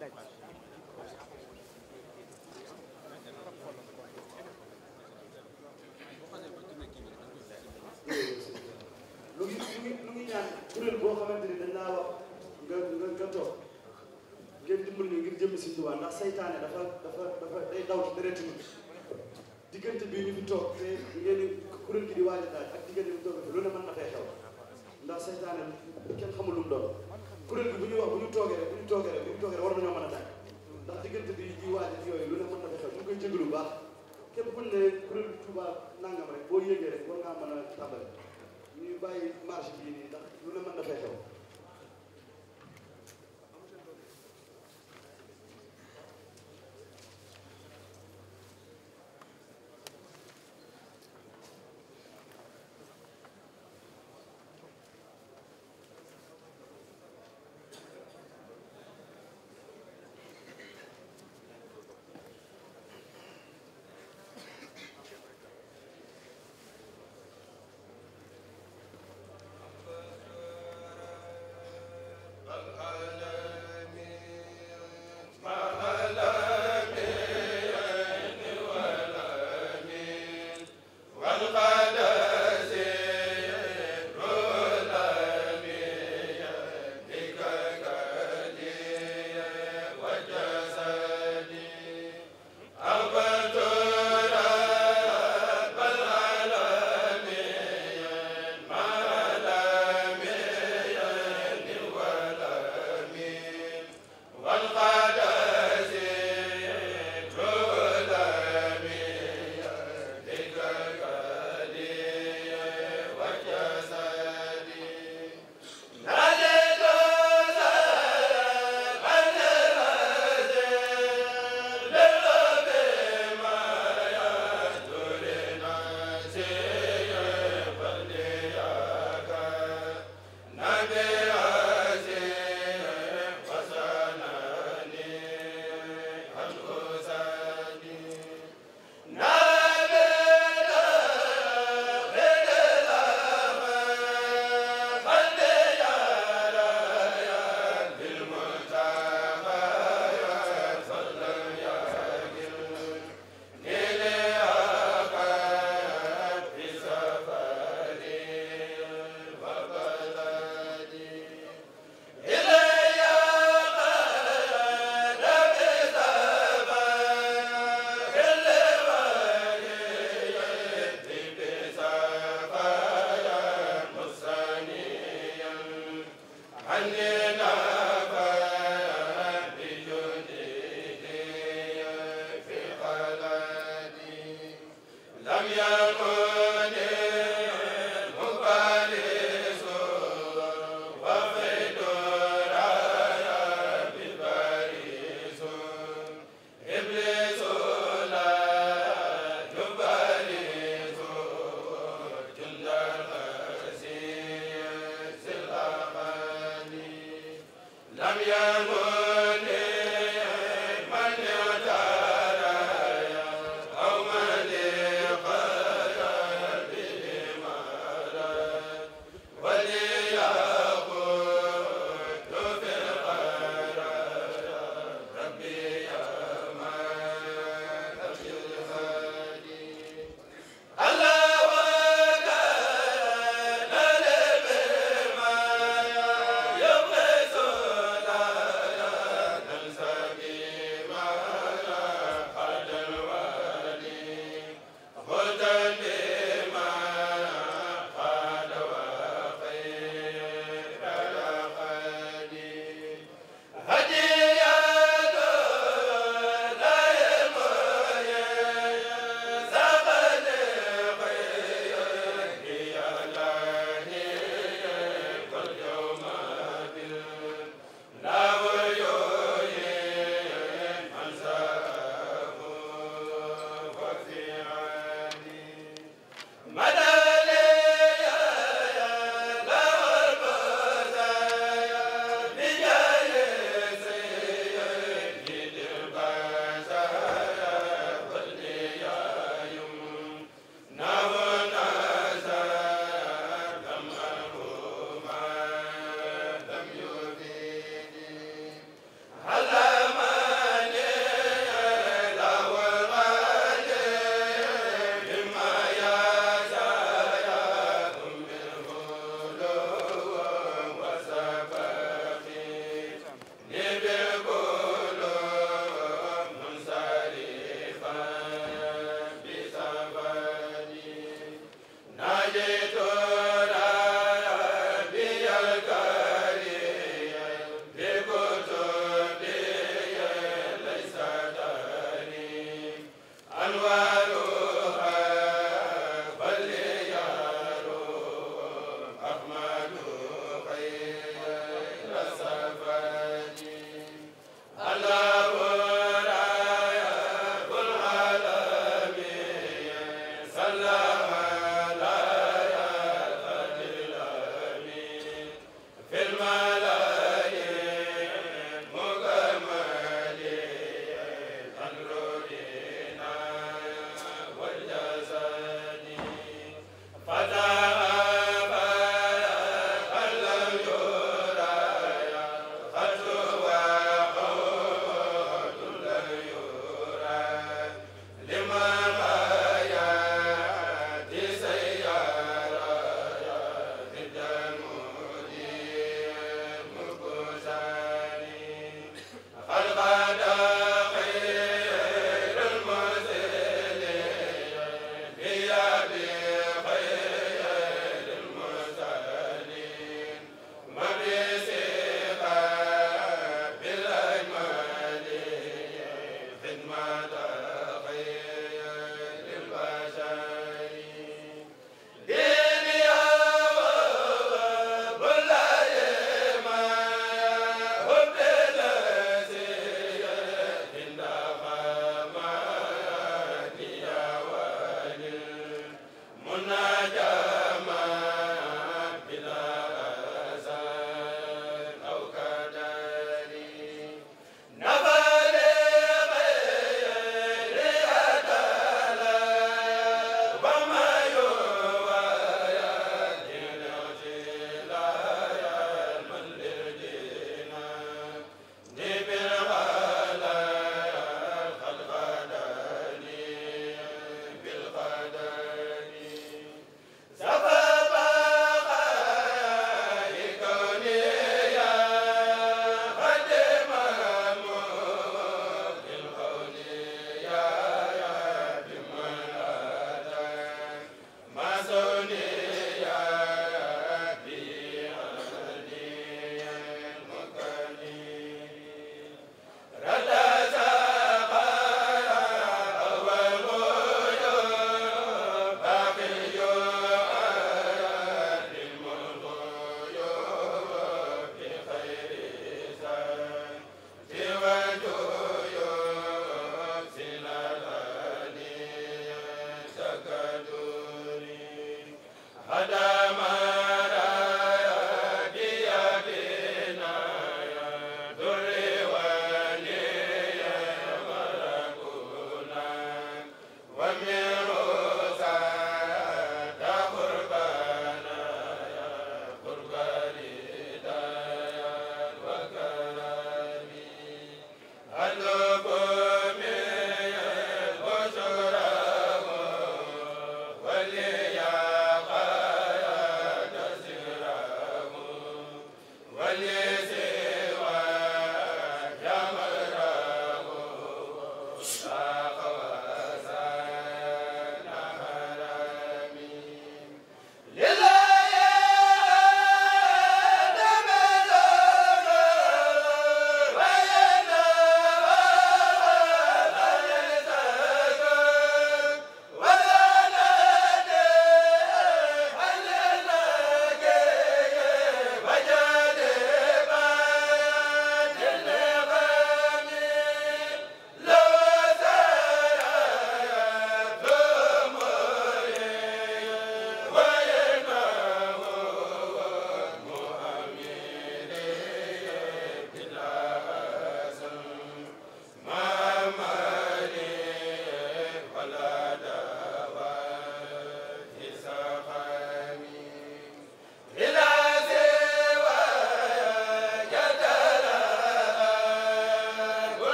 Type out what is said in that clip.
lu ngi lu ngi ñaan kuréel boo xamante ni dañ laa wax nga nga nga toog ngeen dimbal ñu ngir jëm Sëñ Tuubaa ndax saytaane dafa dafa dafa day daw ci deret mi diggante bii ñu fi toog te ngeen kuréel gi di waaj a daal ak diggante bi toog lu ne mën ndax seytaane kenn xamul mu doon kuréel bi bu ñuy wax bu ñu toogee rek bu ñu toogee rek bu ñu toogee rek war nañoo mën a tàgg ndax diggante yooyu lu ne mën na xew ñu koy jégalu bu baax képp buñ ne kuréel bi Touba nangam rek boo yëgee rek war ngaa mën a tàmbali ñuy bàyyi marché bii nii ndax lu ne mën na fay